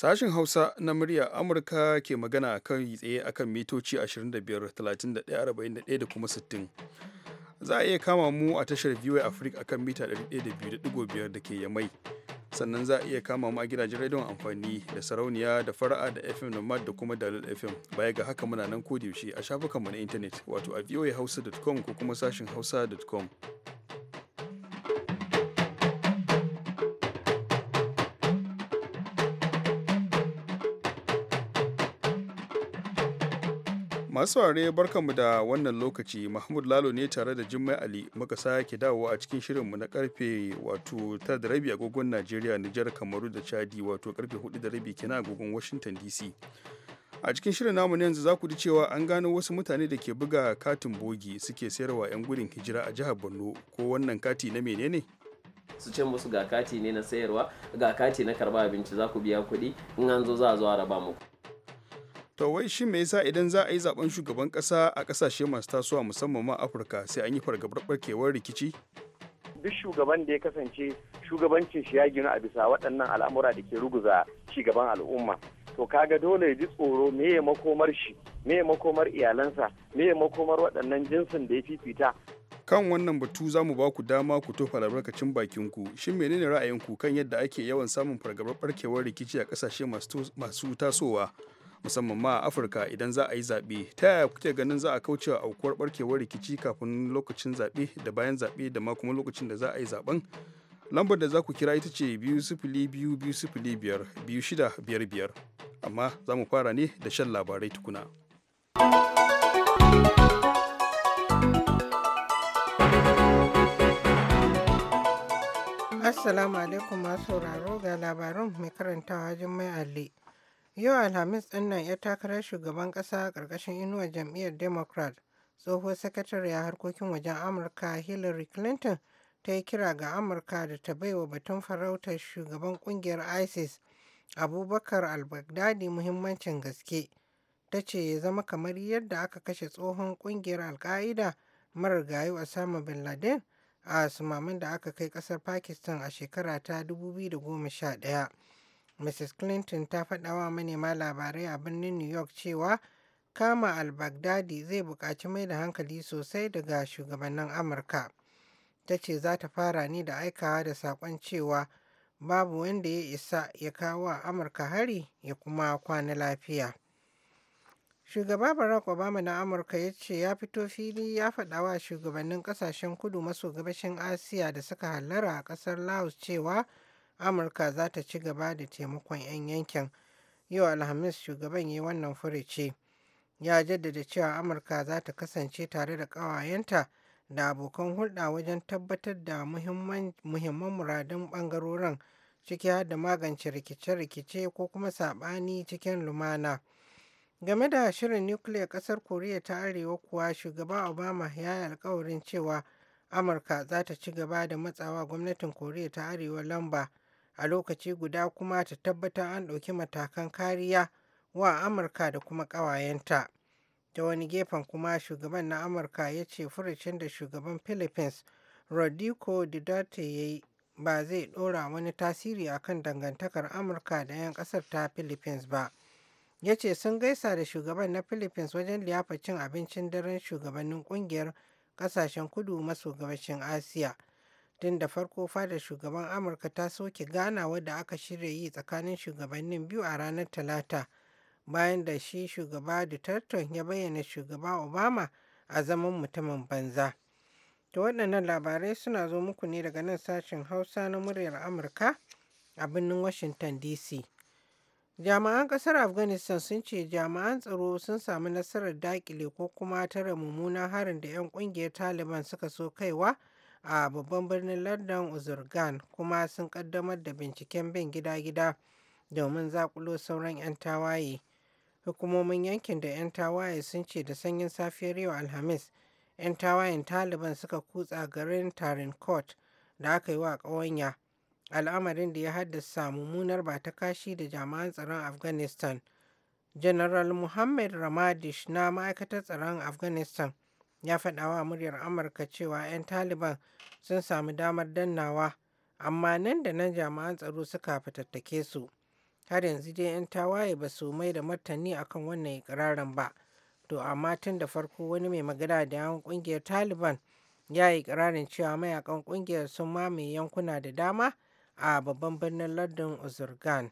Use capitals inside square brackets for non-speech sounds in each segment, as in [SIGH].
Sashen Hausa na murya Amurka ke magana a kan tsaye a kan mitoci 25, 31, da kuma 60. Za a iya kama mu a tashar VOA Africa kan mita 102.5 da ke Yamai. Sannan za a iya kama mu a gidajen rediyon amfani da sarauniya da fara'a da FM Nomad da kuma Dalil FM. Baya ga haka muna nan kodiyoshi a shafukanmu na intanet wato a voahausa.com ko kuma sashin hausa.com. masu ware barkanmu da wannan lokaci mahmud lalo ne tare da jimmai ali muka sake dawo a cikin shirinmu na karfe wato ta da rabi agogon najeriya nijar kamaru da chadi wato karfe hudu da rabi kenan agogon washington dc a cikin shirin namu ne yanzu za ku ji cewa an gano wasu mutane da ke buga katin bogi suke sayarwa 'yan gudun hijira a jihar borno ko wannan kati na menene su ce musu ga kati ne na sayarwa ga kati na karba abinci za ku biya kuɗi in an zo za a zo a raba muku to wai shi me yasa idan za a yi zaben shugaban kasa a kasashe masu tasowa musamman ma afirka sai an yi fargabar barkewar rikici duk shugaban da ya kasance shugabancin shi ya ginu a bisa waɗannan al'amura da ke ruguza cigaban al'umma to kaga dole ya ji tsoro me ya makomar shi me ya makomar iyalansa me ya makomar waɗannan jinsin da ya fifita kan wannan batu za mu ba ku dama ku tofa albarkacin bakin ku shin menene ra'ayinku kan yadda ake yawan samun fargabar barkewar rikici a kasashe masu tasowa musamman ma a afirka idan za a yi zaɓe ta yaya kuke ganin za a kaucewa aukuwar barkewar rikici kafin lokacin zaɓe da bayan zaɓe da ma kuma lokacin da za a yi zaɓen lambar da za ku kira ita ce biyu sifili biyu biyu sifili biyar biyu shida biyar biyar amma za mu fara ne da shan labarai tukuna assalamu alaikum masu sauraro ga labarin mai karantawa jummai alli Yau Alhamis ɗin nan 'yar takarar shugaban ƙasa a ƙarƙashin inuwar jam'iyyar Democrat, tsohuwar Sakatariyar Harkokin Wajen Amurka Hillary Clinton ta yi kira ga Amurka da ta baiwa batun farautar shugaban ƙungiyar ISIS Abubakar al-Baghdadi muhimmancin gaske. Ta ce ya zama kamar yadda aka kashe tsohon ƙungiyar al gayu Osama bin Laden a sumaman da aka kai ƙasar Pakistan a shekara ta 2011. Mrs. Clinton ta faɗa wa manema labarai a birnin New York cewa kama al-Baghdadi zai buƙaci mai da hankali sosai daga shugabannin Amurka. Ta ce za ta fara ne da aikawa da saƙon cewa babu wanda ya isa ya kawo Amurka hari ya kuma kwana lafiya. Shugaba Barack Obama na Amurka ya ce ya fito fili ya faɗa wa shugabannin ƙasashen kudu maso gabashin Asiya da suka hallara a ƙasar Laos cewa amurka za ta ci gaba da taimakon 'yan yankin yau alhamis shugaban ya yi wannan furuci ya jaddada cewa amurka za ta kasance tare da ƙawayenta da abokan hulɗa wajen tabbatar da muhimman muradun ɓangarorin ciki har da magance rikice-rikice ko kuma saɓani cikin lumana game da shirin nukiliya ƙasar koriya ta arewa kuwa shugaba obama ya yi alkawarin cewa amurka za ta ci gaba da matsawa gwamnatin koriya ta arewa lamba a lokaci guda kuma ta tabbatar an ɗauki matakan kariya wa amurka da kuma ƙawayenta ta wani gefen kuma shugaban na amurka ya ce furucin da shugaban philippines rodrigo duterte ya yi ba zai ɗora wani tasiri a kan dangantakar amurka da 'yan ƙasar ta philippines ba ya ce sun gaisa da shugaban na philippines wajen liyafa cin abincin daren shugabannin ƙungiyar ƙasashen kudu maso gabashin asiya tun da farko fadar shugaban amurka ta soke ganawa da aka shirya yi tsakanin shugabannin biyu a ranar talata bayan da shi shugaba duterte ya bayyana shugaba obama a zaman mutumin banza Ta waɗannan labarai suna zo muku ne daga nan sashen hausa na muryar amurka a birnin washington dc Jama'an ƙasar afghanistan sun ce jama'an tsaro sun samu nasarar dakile ko kuma tara mummunan harin da 'yan ƙungiyar taliban suka so kaiwa a babban birnin London Uzurgan kuma sun kaddamar da binciken bin gida-gida domin zakulo sauran 'yan tawaye. Hukumomin yankin da 'yan tawaye sun ce da sanyin safiyar yau Alhamis, 'yan tawayen Taliban suka kutsa garin Tarin Court da aka yi wa ƙawanya. Al'amarin da ya haddasa mummunar ba ta kashi da jami'an tsaron Afghanistan. General Muhammad Ramadish na ma'aikatar tsaron Afghanistan ya faɗa wa muryar amurka cewa 'yan taliban sun samu damar dannawa amma nan da nan jami'an tsaro suka fitattake su har yanzu dai 'yan tawaye ba su mai da martani akan wannan ikirarin ba to amma tun da farko wani mai magana da yawon kungiyar taliban ya yi ikirarin cewa mayakan kungiyar sun mamaye yankuna da dama a babban birnin lardin uzurgan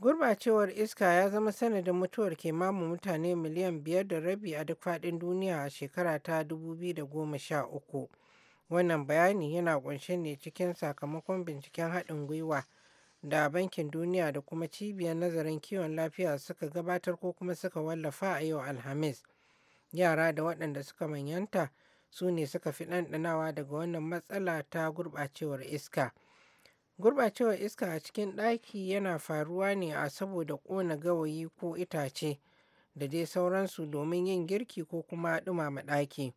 Gurbacewar iska ya zama sanadin mutuwar kimanin mutane miliyan biyar da rabi a duk faɗin duniya a shekara ta 2013. Wannan bayani yana ƙunshe ne cikin sakamakon binciken haɗin gwiwa da Bankin Duniya da kuma Cibiyar Nazarin Kiwon Lafiya suka gabatar ko kuma suka wallafa a yau Alhamis. Yara da waɗanda suka manyanta su ne suka fi ɗanɗanawa daga wannan matsala ta gurɓacewar iska. Gurbacewar iska a cikin ɗaki yana faruwa ne a saboda ƙona gawayi ko itace da dai sauransu domin yin girki ko kuma ɗumama ɗaki.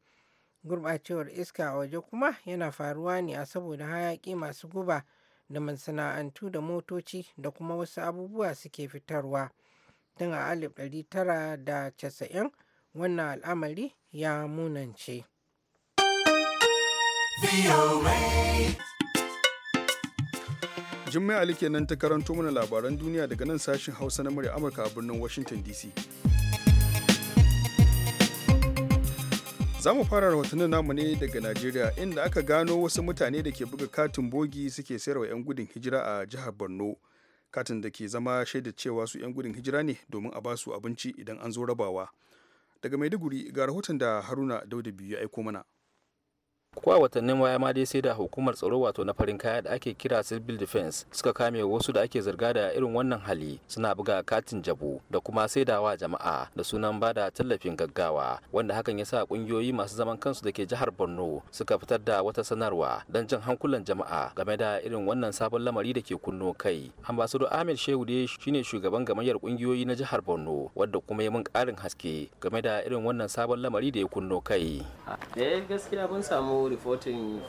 Gurbacewar iska a waje kuma yana faruwa ne a saboda hayaƙi masu guba da masana'antu da motoci da kuma wasu abubuwa suke fitarwa. Tun a 1990 wannan al'amari ya munance. Jummai Ali kenan ta karanto mana labaran duniya daga nan sashin Hausa na murya Amurka a birnin Washington DC. Za mu fara rahotannin namu ne daga Najeriya inda aka gano wasu mutane da ke buga katin bogi suke sayarwa 'yan gudun hijira a jihar Borno. Katin da ke zama shaidar cewa su 'yan gudun hijira ne domin a basu abinci idan an zo rabawa. Daga Maiduguri ga rahoton da Haruna Dauda biyu ya aiko mana. ko watannin waya ma dai sai da hukumar tsaro wato na farin kaya da ake kira civil defense suka kame wasu da ake zarga da irin wannan hali suna buga katin jabu da kuma wa jama'a da sunan bada tallafin gaggawa wanda hakan ya sa kungiyoyi masu zaman kansu da ke jihar borno suka fitar da wata sanarwa don jan hankulan jama'a game da irin wannan sabon lamari da ke kunno kai ambasado Amir shehu dai shine shugaban gamayyar kungiyoyi na jihar borno wadda kuma ya mun karin haske game da irin wannan sabon lamari da ya kunno kai eh, gaskiya mun samu reporting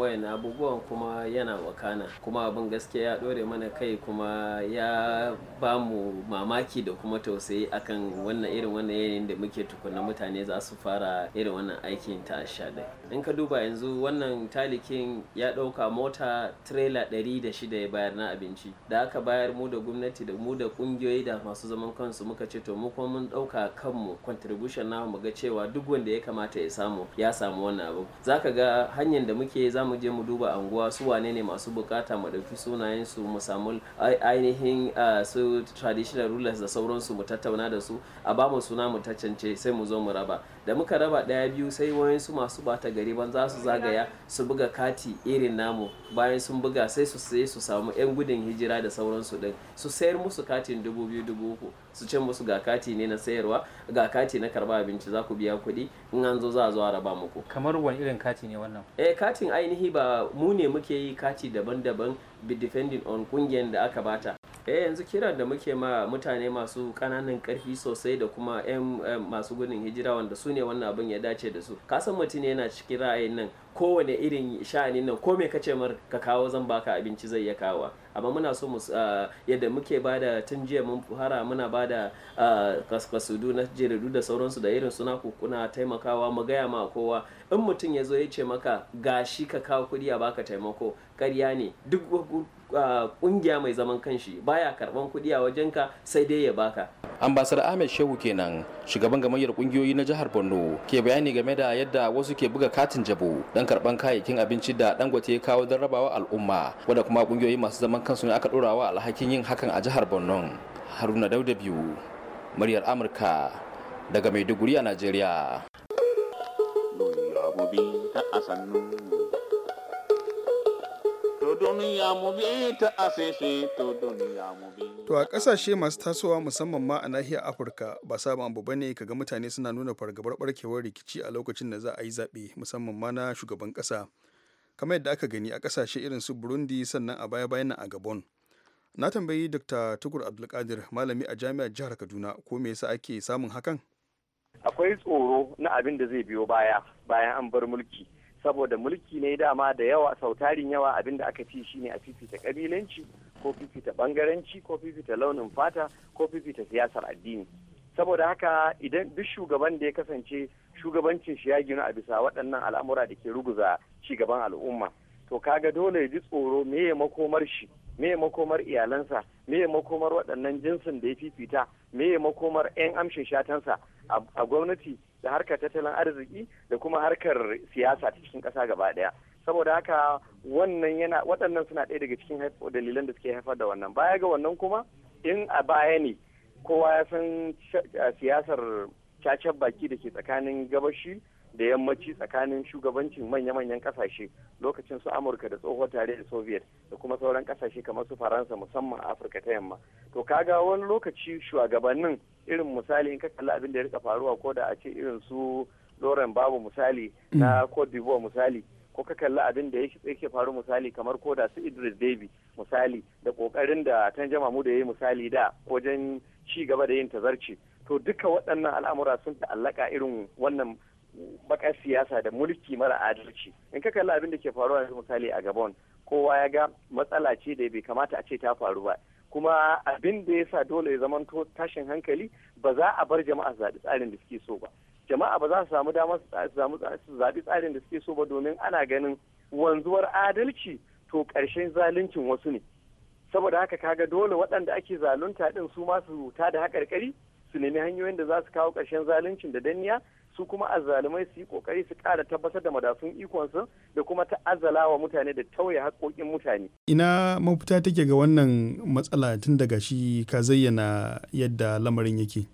wayan abubuwan kuma yana wakana kuma abin gaskiya ya ɗore mana kai kuma ya ba mu mamaki da kuma tausayi akan wannan irin wannan yanayin da muke tukunna mutane za su fara irin wannan aikin ta shaɗa in ka duba yanzu wannan talikin ya ɗauka mota tirela ɗari da shida ya bayar na abinci da aka bayar mu da gwamnati da mu da ƙungiyoyi da masu zaman kansu muka ce to mu kuma mun ɗauka kanmu contribution na mu ga cewa duk wanda ya kamata ya samu ya samu wannan abu zaka ga hanyar da muke za mu je mu duba anguwa su wane ne masu bukata mu ɗauki sunayen su mu samu ainihin su traditional rulers da sauransu mu tattauna da su a ba mu suna mu tacance sai mu zo mu raba da muka raba ɗaya biyu sai wayansu masu bata gari ban za su zagaya su buga kati irin namu bayan sun buga sai su sai su samu yan gudun hijira da sauransu din su sayar musu katin dubu biyu dubu uku su ce musu ga kati ne na sayarwa ga kati na karba abinci za ku biya kuɗi in an zo za a zo a raba muku kamar wani irin kati ne wannan eh katin ainihi ba mu ne muke yi kati daban-daban depending on kungiyar da aka bata eh yanzu kiran da muke ma mutane masu kananan karfi sosai da kuma yan eh, masu gudun hijira wanda su ne wannan abin ya dace da su kasan mutum yana cikin ra'ayin nan kowane irin sha'anin nan ko me kace mar ka kawo zan baka abinci zai ya kawo amma muna so mu ah, yadda muke bada tun jiya mun fara muna bada ah, kaskasudu na jiridu da sauransu da irin suna kuna taimakawa mu gaya ma kowa in mutum ya zo ya ce maka gashi ka kawo kuɗi a baka taimako karya ne duk kungiya mai zaman kanshi baya karban kuɗi a wajenka sai dai ya baka ambasar ahmed shehu kenan shugaban gamayyar kungiyoyi na jihar borno ke bayani game da yadda wasu ke buga katin jabo don karban kayayyakin abinci da dangote ya kawo don rabawa al'umma wanda kuma kungiyoyi masu zaman kansu ne aka dorawa alhakin yin hakan a jihar borno haruna dauda biyu muryar amurka daga maiduguri a najeriya duniya mu bi ta asisi to duniya mu bi to a kasashe masu tasowa musamman ma a nahiyar afirka ba sabon abu bane kaga mutane suna nuna fargabar barkewar rikici a lokacin da za a yi zaɓe musamman ma na shugaban ƙasa kamar yadda aka gani a ƙasashe irin su burundi sannan a baya bayan a gabon na tambayi dr tukur abdulkadir malami a jami'ar jihar kaduna ko me yasa ake samun hakan akwai tsoro na abin da zai biyo baya bayan an bar mulki saboda mulki ne dama da yawa sautarin yawa abinda aka fi ne a fifita kabilanci ko fifita bangaranci ko fifita launin fata ko fifita siyasar addini saboda haka idan duk shugaban da ya kasance shugabancin shi ya ginu a bisa waɗannan al'amura da ke ruguza shugaban al'umma to kaga dole ya ji tsoro me ya makomar shi me ya makomar iyalansa me ya makomar waɗannan jinsin da ya fifita me ya makomar 'yan amshin shatansa a gwamnati da harkar tattalin arziki da kuma harkar siyasa ta cikin kasa gaba ɗaya saboda haka wannan yana waɗannan suna ɗaya daga cikin dalilan da suke haifar da wannan baya ga wannan kuma in a baya ne kowa ya san siyasar cacen baki da ke tsakanin gabashi da yammaci tsakanin shugabancin manya-manyan kasashe lokacin su amurka da tsohuwar tare da soviet da kuma sauran kasashe kamar su faransa musamman afirka ta yamma to kaga wani lokaci shugabannin irin misali in ka kalla abin da ya rika faruwa ko da a ce irin su loren babu misali mm. na cote d'ivoire misali ko ka kalla abin da ya yake faru misali kamar ko da su idris debi misali da kokarin da tanjama mu da ya yi misali da wajen ci gaba da yin tazarci to duka waɗannan al'amura sun ta'allaka irin wannan bakar siyasa da mulki mara adalci in ka kalli abin da ke faruwa yanzu misali a gabon kowa ya ga matsala ce da bai kamata a ce ta faru ba kuma abin da ya sa dole ya zamanto tashin hankali ba za a bar jama'a zaɓi tsarin da suke so ba jama'a ba za su samu dama su zaɓi tsarin da suke so ba domin ana ganin wanzuwar adalci to ƙarshen zaluncin wasu ne saboda haka kaga dole waɗanda ake zalunta ɗin su ma su ta da haƙarƙari su nemi hanyoyin da za su kawo ƙarshen zaluncin da danniya su kuma azzalumai su yi kokari su kara tabbatar da madasun ikonsu da kuma ta azala wa mutane da tauye haƙoƙin mutane. Ina mafita take ga wannan matsala tun daga shi ka zayyana yadda lamarin yake.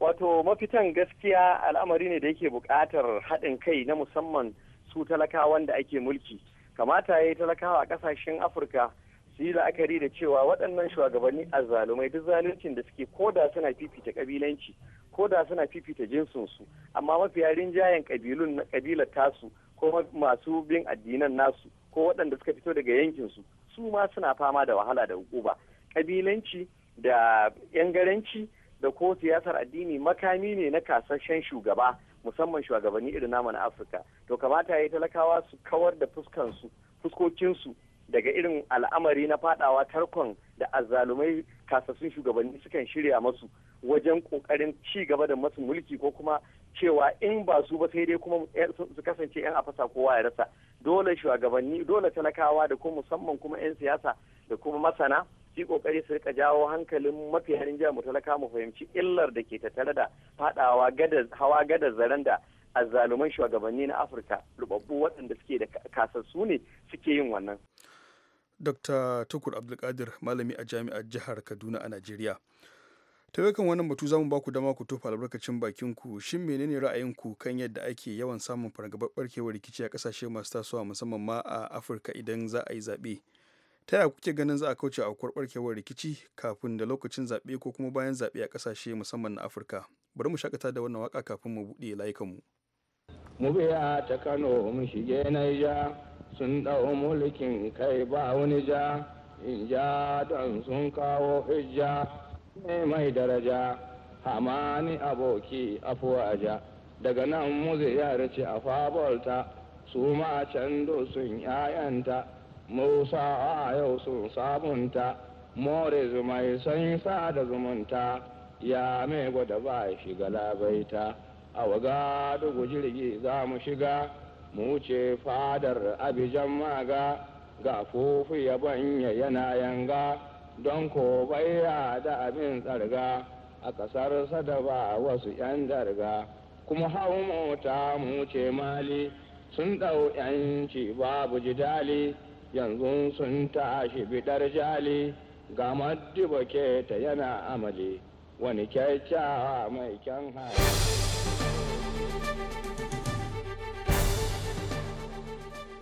Wato mafitan gaskiya al'amari ne da yake buƙatar haɗin kai na musamman su talakawan wanda ake mulki. Kamata ya yi talakawa a ƙasashen Afirka su yi la'akari da cewa waɗannan shugabanni a zalumai duk zaluncin da suke ko da suna fifita kabilanci ko da suna fifita jinsinsu amma mafiya rinjayen kabilun na kabilar tasu ko masu bin addinan nasu ko waɗanda suka fito daga yankinsu su ma suna fama da wahala da hukuma kabilanci da yangaranci da ko siyasar addini makami ne na kasashen shugaba musamman shugabanni irin namu na afirka to kamata ya yi talakawa su kawar da fuskansu fuskokinsu daga irin al'amari na fadawa tarkon da azzalumai kasassun shugabanni sukan shirya masu wajen kokarin ci gaba da masu mulki ko kuma cewa in ba su ba sai dai kuma su kasance yan afasa kowa ya rasa dole shugabanni dole talakawa da kuma musamman kuma yan siyasa da kuma masana su kokari su rika jawo hankalin mafi harin jiya mu talaka mu fahimci illar da ke tattare da fadawa gada hawa gada zaren da azzaluman shugabanni na afirka rubabbu waɗanda suke da kasassu ne suke yin wannan dr tukur abdulkadir malami a jami'ar jihar kaduna a najeriya ta kan wannan batu zamu ba ku dama ku tofa albarkacin bakin ku shin menene ra'ayinku kan yadda ake yawan samun fargabar barkewar rikici a kasashe masu tasowa musamman ma a afirka idan za a yi zaɓe ta yaya kuke ganin za a kauce a barkewar rikici kafin da lokacin zaɓe ko kuma bayan zaɓe a kasashe musamman na afirka bari mu shakata da wannan waka kafin mu buɗe layukanmu mu biya ta kano mu shige naija sun ɗau mulkin kai ba wani ja in ja don sun kawo hijja ne mai daraja hamani aboki afuwaja daga nan muzi ya rice a fabolta su ma can sun yayanta musa a yau sun sabunta more zumai sun sa da zumunta ya mai gwada ba shiga labaita a waga dugu jirgi za mu shiga mu ce fadar abijan maga ga fufu ya banya yana yanga don ko baya da abin tsarga a kasar ba wasu yan darga kuma hau mota mu ce mali sun ɗau yanci babu jidali yanzu sun tashi bidar jali ga maddiba ta yana amali wani kyakkyawa mai kyan hali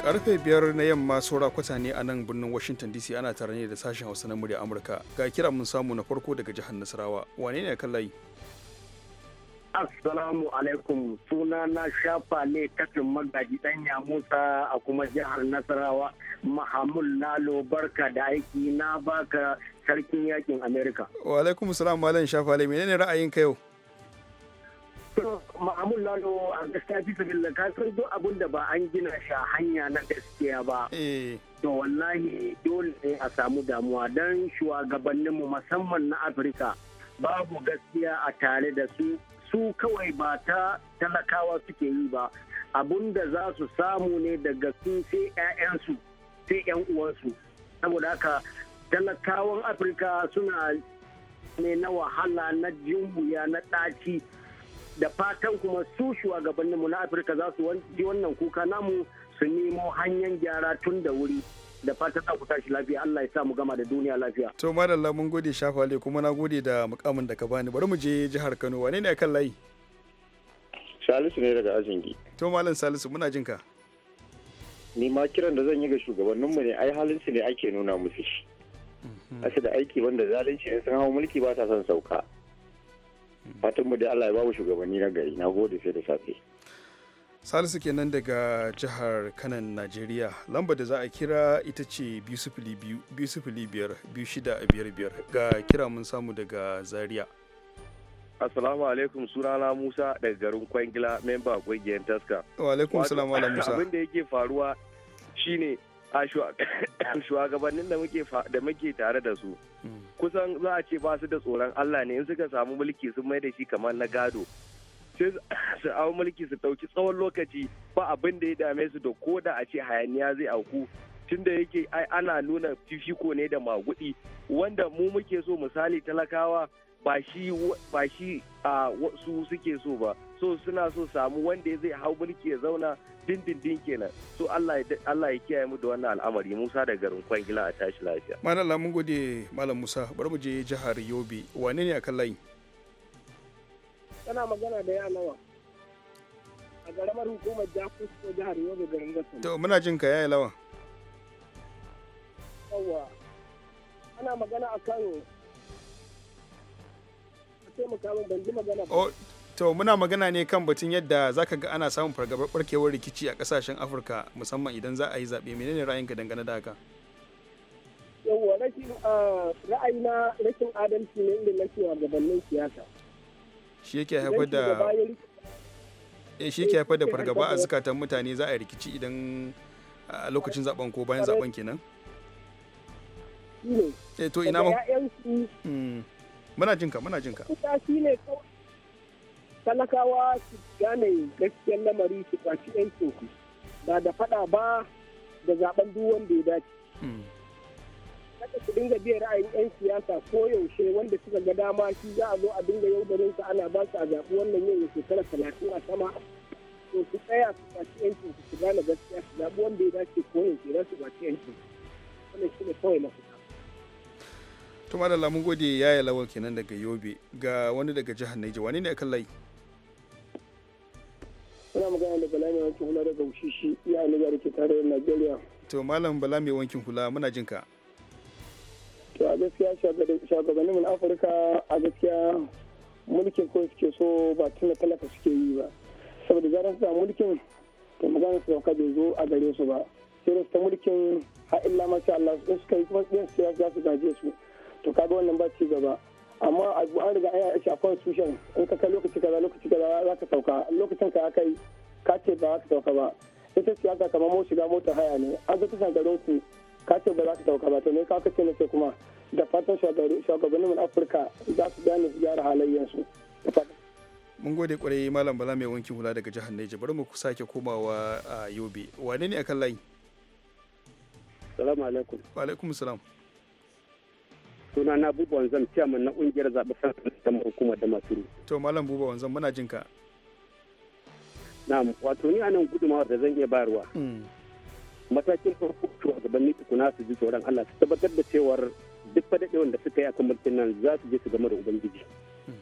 karfe biyar na yamma saura kwata ne a nan birnin washington dc ana tare ne da sashen hausa na murya amurka ga kira mun samu na farko daga jihar nasarawa wane ne kan layi assalamu alaikum suna na shafa ne katin magaji danya musa a kuma jihar nasarawa mahamul lalo barka da aiki na baka sarkin yakin amerika wa alaikum salam malam shafa menene ra'ayinka yau ma'amun lalo a gaskiya fi sabilla ka san duk abin da ba an gina shi a hanya na gaskiya ba eh. to wallahi dole ne a samu damuwa don shugabanninmu musamman na afirka babu gaskiya a tare da su su kawai ba ta talakawa suke yi ba abun da za su samu ne daga su sai 'ya'yansu sai 'yan uwansu saboda haka talakawan afirka suna ne na wahala na wuya na ɗaci da fatan kuma su shugabanninmu na afirka za su ji wannan kuka namu su nemo hanyar gyara tun da wuri da fatan za ku tashi lafiya Allah ya sa mu gama da duniya lafiya to madalla mun gode shafale kuma na gode da mukamin da ka bani bari mu je jihar Kano wane ne akan layi Salisu ne daga Azingi to malam Salisu muna jin ka ni ma kiran da zan yi ga shugabanninmu ne ai halin su ne ake nuna musu shi mhm. asu da aiki wanda zalunci ne sun hawa mulki ba ta son sauka fatan mu da Allah ya bamu shugabanni na gari na gode sai da safe salisu kenan daga jihar kanan najeriya lamba da za a kira ita ce biyar ga kira mun samu daga zaria Assalamu alaikum sunana Musa daga garin Kwangila memba kungiyar Taska. Wa alaikum salamu ala Musa. Abin da yake faruwa shine a [COUGHS] shugabannin da muke tare da su mm. kusan za a ce ba su da tsoron Allah ne in suka samu mulki sun mai da shi kamar na gado sai [COUGHS] su hau mulki su ɗauki tsawon lokaci ba abin da ya dame su da ko da a ce hayaniya zai auku tun da yake ana nuna fifiko ne da magudi wanda mu muke so misali talakawa ba shi a wasu suke so ba so suna so samu wanda zai hau mulki ya zauna dindindin kenan so Allah ya kiyaye mu da wannan al'amari Musa da garin Kwangila a tashi lafiya Malam Allah mun gode Malam Musa bari mu je jihar Yobe wane ne akan layi Kana magana da Yalawa a garamar hukumar Jakus ko jihar Yobe garin Gatsu To muna jin ka yayi lawa Yawwa ana magana akan mu min ban ji magana ba oh, To muna magana ne kan batun yadda zaka ga ana samun fargabar barkewar rikici a kasashen Afirka musamman idan za a yi zaɓe menene ra'ayinka dangane da haka? Yawwa rashin ah, ra'ayi na rashin adalci ne inda na cewa gabanin siyasa. Shi yake haifar da eh shi yake haifar da fargaba a zukatan mutane za a yi rikici idan a lokacin zaben ko bayan zaben kenan. Eh to ina ma. Hmm. Muna jinka muna jinka. Shi ne kawai talakawa su gane gaskiyar lamari su kwaci 'yan ba da fada ba da zaben duk wanda ya dace. Hmm. Kada su dinga biyan ra'ayin 'yan siyasa ko yaushe wanda suka ga dama shi za a zo a dinga yaudarin su ana ba su a zaɓi wannan yau shekara talatin a sama. To su tsaya su kwaci 'yancin su gane gaskiya su zaɓi wanda ya dace ko yaushe za su kwaci 'yan su. Wannan shi ne kawai tuma da lamun gode ya yi lawal kenan daga yobe ga wani daga jihar naija wani ne akan layi Ina magana da Bala mai wankin hula daga Ushishi, ya Aniga da ke tarayyar Najeriya. To Malam Bala mai wankin hula muna jin ka. To a gaskiya shagabanni mun Afirka a gaskiya mulkin ko suke so ba tuna talaka suke yi ba. Saboda zaran su mulkin to magana su dauka bai zo a gare su ba. Sai da su ta mulkin ha'illa masha Allah su suka yi kuma su siyasa su gaje su. To kaga wannan ba ci gaba. amma abu an riga ya yi a constitution in ka kai lokaci kaza lokaci kaza za ka sauka lokacin ka aka yi ka ce ba za ka sauka ba ita siyasa kamar mu shiga motar haya ne an ga tushen garin ku ka ce ba za ka sauka ba to ne ka ce na ce kuma da fatan shugabannin afirka za su gane su gyara halayyarsu mun gode kwarai malam bala mai wankin hula daga jihar Neja bari mu sake komawa a Yobe wane ne akan layi salamu alaikum wa alaikum salam suna na buba wanzam ciyaman na kungiyar zaɓe sanarwar hukumar da maturu. to malam buba wanzam muna jinka. na'am wato ni anan gudunmawar da zan iya bayarwa. Hmm. matakin farko shugabanni tukuna su ji tsoron Allah su tabbatar da cewar duk fadaɗewan da suka yi a mulkin nan za su je su gama da ubangiji hmm.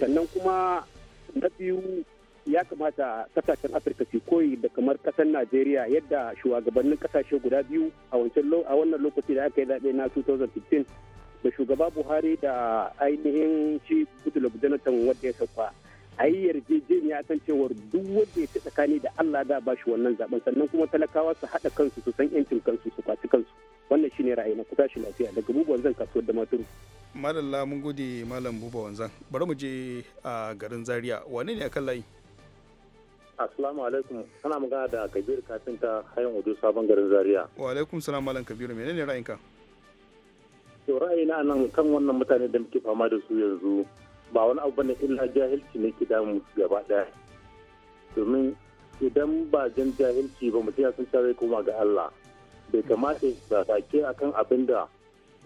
sannan kuma na biyu ya kamata kasashen afirka su koyi da kamar kasar najeriya yadda shugabannin kasashe guda biyu a wannan lokaci da aka yi zaɓe na 2015 da shugaba buhari da ainihin shi goodluck jonathan wadda ya sauka a yi yarjejeniya kan cewar duk wanda ya fi tsakani da allah da ba shi wannan zaben sannan kuma talakawa su haɗa kansu su san yancin kansu su kwaci kansu wannan shine ra'ayi na kusa shi lafiya daga bubuwan zan kasuwar da maturu malam mun gode malam buba wanzan bari mu je a garin zaria wane ne a kan layi Assalamu alaikum. Kana magana da Kabir kafinta hayan wajo sabon garin Zaria. Wa alaikum salam malam Kabir. Menene ra'ayinka? To ra'ayina nan kan wannan mutane da muke fama da su yanzu ba wani abu bane illa jahilci ne ke damu gaba daya. Domin idan ba jan jahilci ba mutum ya san cewa zai koma ga Allah. Bai kamata ya sake akan abin da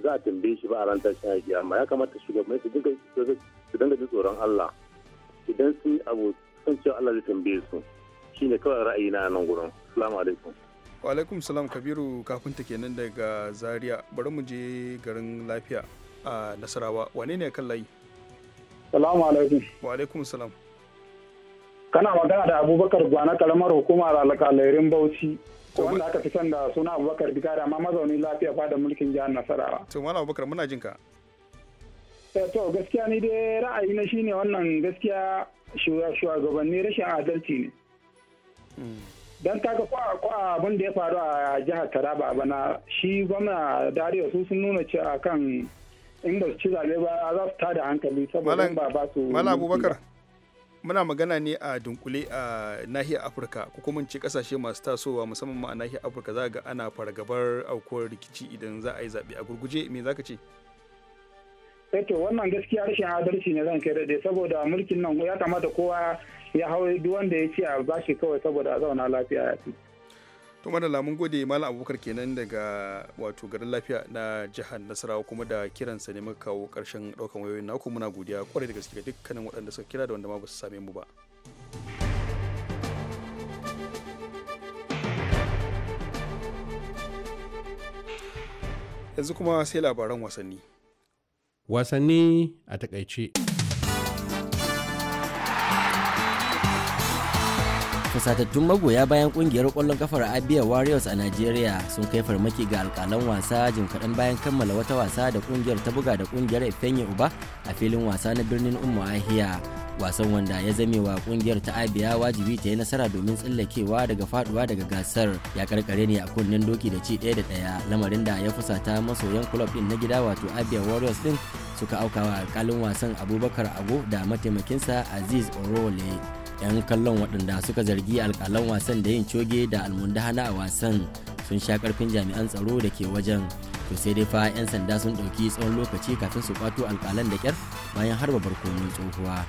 za a tambaye shi ba a ran tashin amma ya kamata shugabanni su dinga jin tsoron Allah. Idan sun abu sun cewa Allah zai tambaye su shine kawai ra'ayi na nan gurin salamu alaikum wa alaikum salam kabiru kafinta kenan daga zaria bari mu je garin lafiya a nasarawa wane ne kan layi salamu alaikum wa alaikum salam kana magana da abubakar gwana karamar hukumar alƙalairin bauchi wanda aka fi son da suna abubakar digara amma mazaunin lafiya fada mulkin jihar nasarawa to mana abubakar muna jin ka eh, to gaskiya ni dai ra'ayi na shine wannan gaskiya shugabanni rashin adalci ne don kaga ko abin da ya faru a jihar taraba bana shi gwamna dariya su sun nuna a kan inda su ci zaɓe ba za su tada hankali saboda ba ba su mala abubakar muna magana ne a dunkule a nahiyar afirka ko kuma ce kasashe masu tasowa musamman ma a nahiyar afirka za ga ana fargabar aukuwar rikici idan za a yi zaɓe a gurguje me za ka ce sai eh to wannan gaskiya rashin adalci ne zan kai da saboda mulkin nan ya kamata kowa ya hau duk wanda ya ce a bashi kawai saboda a zauna lafiya ya fi. to madalla mun gode malam abubakar kenan daga wato garin lafiya na jihar nasarawa kuma da kiransa ne muka kawo karshen daukan wayoyin naku muna godiya kwarai da gaske ga dukkanin waɗanda suka kira da wanda ma ba su same mu ba. yanzu kuma sai labaran wasanni. wasanni a takaice. fusatattun magoya bayan kungiyar kwallon kafar abia warriors a nigeria sun kai farmaki ga alkalan wasa jim kaɗan bayan kammala wata wasa da kungiyar ta buga da kungiyar ifeanyi uba a filin wasa na birnin ummu ahiya wasan wanda ya zame wa kungiyar ta abia wajibi ta yi nasara domin tsallakewa daga faduwa daga gasar ya karkare ne a kunnen doki da ci ɗaya da ɗaya lamarin da ya fusata masoyan kulob din na gida wato abia warriors din suka aukawa alkalin wasan abubakar ago da mataimakinsa aziz orole 'yan kallon waɗanda suka zargi alƙalan wasan da yin coge da almundahana a wasan sun sha ƙarfin jami'an tsaro da ke wajen to sai dai fa 'yan sanda sun ɗauki tsawon lokaci kafin su kwato alƙalan da ƙyar bayan harba barkonin tsohuwa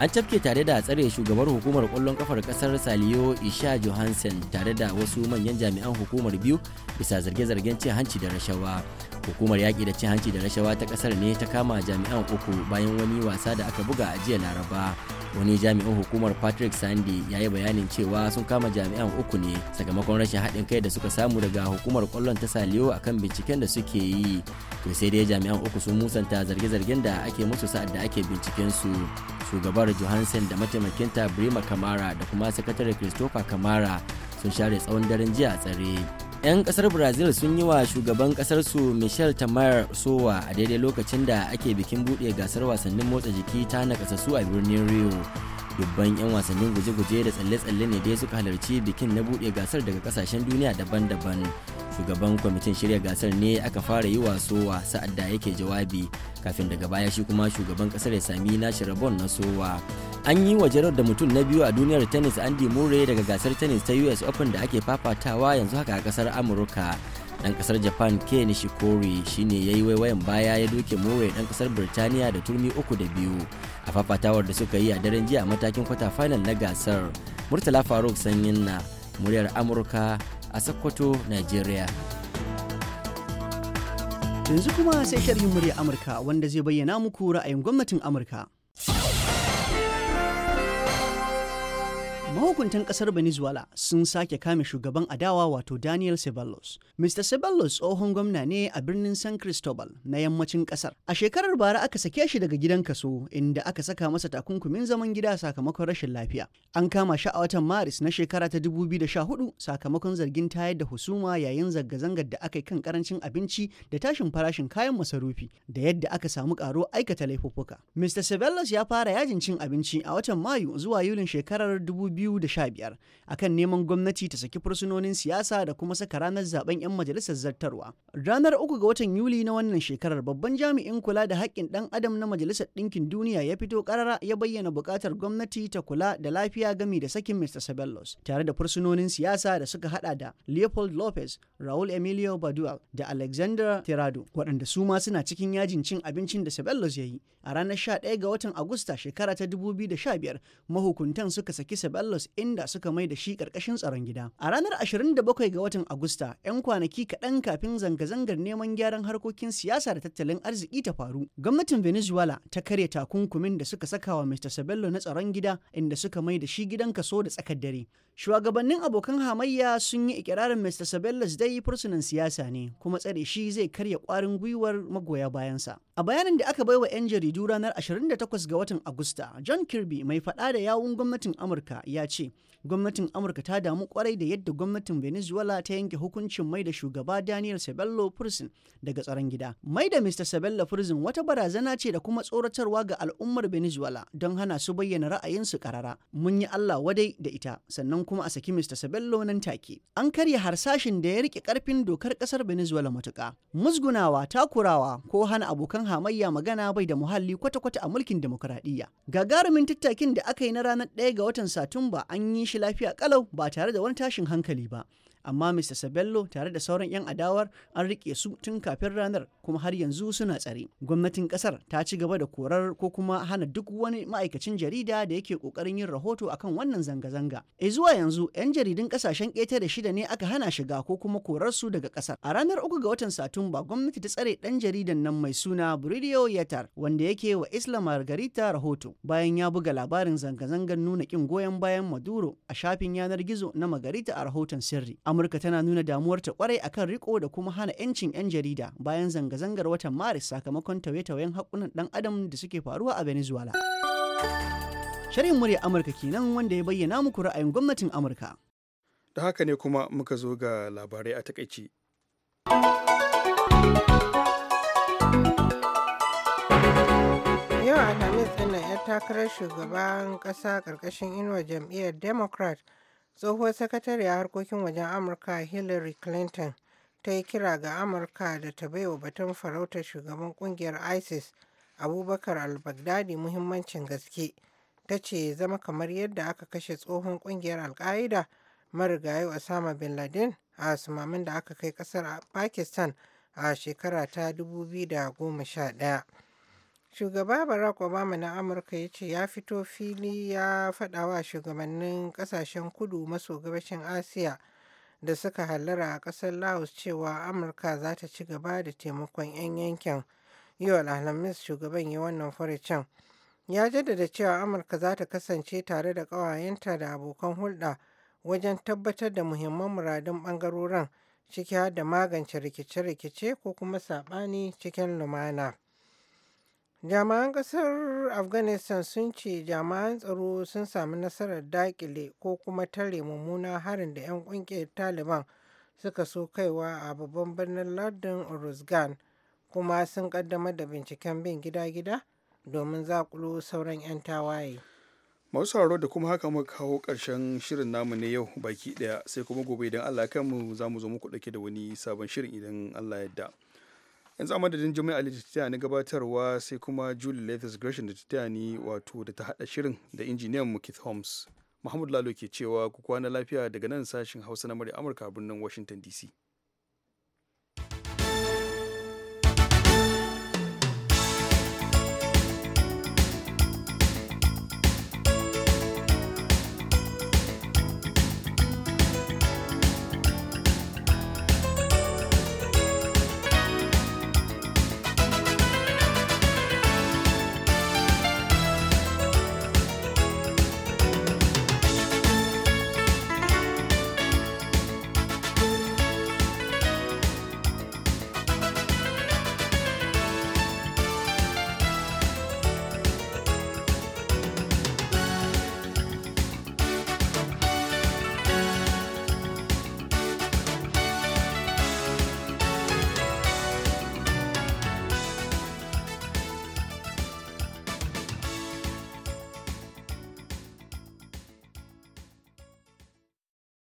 an cafke tare da tsare shugabar hukumar ƙwallon ƙafar ƙasar saliyo isha johansen tare da wasu manyan jami'an hukumar biyu bisa zarge-zargen cin hanci da rashawa hukumar yaƙi da cin hanci da rashawa ta ƙasar ne ta kama jami'an uku bayan wani wasa da aka buga a jiya laraba wani jami'in hukumar patrick sandy ya yi bayanin cewa sun kama jami'an uku ne sakamakon rashin haɗin kai da suka samu daga hukumar kwallon ta saliyo akan binciken da suke yi to sai dai jami'an uku sun musanta zarge-zargen da ake musu sa'ad da ake binciken su shugabar johansen da mataimakinta brima kamara da kuma sakatare christopher kamara sun share tsawon daren jiya a tsare 'yan kasar brazil sun yi wa shugaban su michel tamar sowa a daidai lokacin da ake bikin buɗe gasar wasannin motsa jiki ta nakasassu a birnin rio dubban 'yan wasannin guje-guje da tsalle-tsalle ne dai suka halarci bikin na buɗe gasar daga kasashen duniya daban-daban shugaban kwamitin shirya gasar ne aka fara yi wa sowa sa'ad da yake jawabi kafin daga baya shi kuma shugaban kasar ya sami nashi rabon na sowa an yi wa jarar da mutum na biyu a duniyar tennis andy murray daga gasar tennis ta us open da ake fafatawa yanzu haka a kasar amurka dan kasar japan ke nishikori shine ya yi waiwayan baya ya doke mowe dan kasar birtaniya da turmi uku da biyu a fafatawar da suka yi a daren jiya matakin kwata final na gasar murtala faruk sanyin na muryar amurka a sokoto nigeria yanzu kuma sai shirin murya amurka wanda zai bayyana muku ra'ayin gwamnatin amurka Mahukuntan kasar Venezuela sun sake kame shugaban adawa wato Daniel Ceballos. Mr. Ceballos tsohon gwamna ne a birnin San Cristobal na yammacin kasar. A shekarar bara aka sake shi daga gidan kaso inda aka saka masa takunkumin zaman gida sakamakon rashin lafiya. An kama shi a watan Maris na shekara ta 2014 sakamakon zargin tayar da husuma yayin zanga-zangar da aka yi kan karancin abinci da tashin farashin kayan masarufi da yadda aka samu karo aikata laifuffuka. Mr. Ceballos ya fara yajin cin abinci a watan Mayu zuwa Yulin shekarar 2000 2015 kan neman gwamnati ta saki fursunonin siyasa da kuma saka ranar zaben 'yan majalisar zartarwa. Ranar uku ga watan Yuli na wannan shekarar babban jami'in kula da haƙƙin ɗan adam na Majalisar Ɗinkin Duniya ya fito ƙarara ya bayyana buƙatar gwamnati ta kula da lafiya gami da sakin Mr. Sabellos tare da fursunonin siyasa da suka haɗa da Leopold Lopez, Raul Emilio Badual da Alexander Tirado waɗanda su ma suna cikin yajin cin abincin da Sabellos ya yi a ranar 11 ga watan Agusta shekara ta 2015 mahukuntan suka saki Sabellos Carlos inda suka mai da shi ƙarƙashin tsaron gida. A ranar 27 ga watan Agusta, 'yan kwanaki kaɗan kafin zanga-zangar neman gyaran harkokin siyasa da tattalin arziki ta faru, gwamnatin Venezuela ta karya takunkumin da suka saka wa Mr. Sabello na tsaron gida inda suka mai da shi gidan kaso da tsakar dare. Shugabannin abokan hamayya sun yi ikirarin Mr. Sabello dai fursunan siyasa ne, kuma tsare shi zai karya ƙwarin gwiwar magoya bayansa. A bayanin da aka baiwa 'yan jaridu ranar 28 ga watan Agusta, John Kirby mai faɗa da yawun gwamnatin Amurka ya ce, gwamnatin amurka ta damu kwarai da yadda gwamnatin venezuela ta yanke hukuncin mai da shugaba daniel sabello prison daga tsaron gida mai da mr sabello prison wata barazana ce da kuma tsoratarwa ga al'ummar venezuela don hana su bayyana ra'ayinsu karara mun yi allah wadai da ita sannan kuma a saki mr sabello nan take an karya harsashin da ya rike karfin dokar kasar venezuela matuka musgunawa takurawa ko hana abokan hamayya magana bai da muhalli kwata-kwata a mulkin demokuraɗiyya gagarumin tattakin da aka yi na ranar 1 ga watan satumba an yi shi lafiya kalau ba tare da wani tashin hankali ba amma Mr. Sabello tare da sauran 'yan adawar an rike su tun kafin ranar kuma har yanzu suna tsare. Gwamnatin kasar ta ci gaba da korar ko kuma hana duk wani ma'aikacin jarida da yake kokarin yin rahoto akan wannan zanga-zanga. E zuwa yanzu 'yan jaridun kasashen da shida ne aka hana shiga ko kuma korar su daga kasar. A ranar uku ga watan Satumba gwamnati ta tsare ɗan jaridan nan mai suna Bridio Yatar wanda yake wa Isla Margarita rahoto bayan ya buga labarin zanga-zangar nuna ƙin goyon bayan Maduro a shafin yanar gizo na Margarita a rahoton sirri. amurka tana nuna damuwarta kwarai akan riko da kuma hana 'yancin 'yan jarida bayan zanga-zangar watan maris sakamakon tauye-tauyen haƙunan ɗan adam da suke faruwa a venezuela shirin murya amurka kenan wanda ya bayyana muku ra'ayin gwamnatin amurka da haka ne kuma muka zo ga labarai a takaici yau alhamis ɗin 'yar takarar shugaban ƙasa ƙarƙashin inuwa jam'iyyar democrat tsohuwar sakatariyar harkokin wajen amurka hillary clinton ta yi kira ga amurka da ta baiwa batun farautar shugaban kungiyar isis abubakar al-baghdadi muhimmancin gaske ta ce zama kamar yadda aka kashe tsohon kungiyar al-qaida marigayi osama bin laden a sumamin da aka kai kasar pakistan a shekara ta 2011 Shugaba Barack Obama na Amurka ya ce ya fito fili ya faɗawa shugabannin ƙasashen kudu maso gabashin Asiya da suka hallara a ƙasar Laos cewa Amurka za ta ci gaba da taimakon 'yan yankin. Yau Alhamis shugaban ya wannan furucin. Ya jaddada cewa Amurka za ta kasance tare da ƙawayenta da abokan hulɗa wajen tabbatar da muhimman muradun ɓangarorin ciki har da magance rikice-rikice ko kuma saɓani cikin lumana. jami'an kasar afghanistan sun ce jami'an tsaro sun sami nasarar dakile ko kuma tare mummuna harin da 'yan kungiyar taliban suka so kaiwa a babban birnin lardin uruzgan kuma sun kaddamar da binciken bin gida-gida domin zakulo sauran 'yan tawaye masu sauraro da kuma haka muka kawo karshen shirin namu ne yau baki daya sai kuma gobe idan allah kanmu za mu zo muku dake da wani sabon shirin idan allah yadda. yanzu a madadin jami'a ali da ta ni gabatarwa sai kuma julie lathis gresham da ta ni wato da ta hada shirin da injiniyan mu keith holmes muhammadu lalo ke cewa ku kwana lafiya daga nan sashin hausa na murya amurka birnin washington dc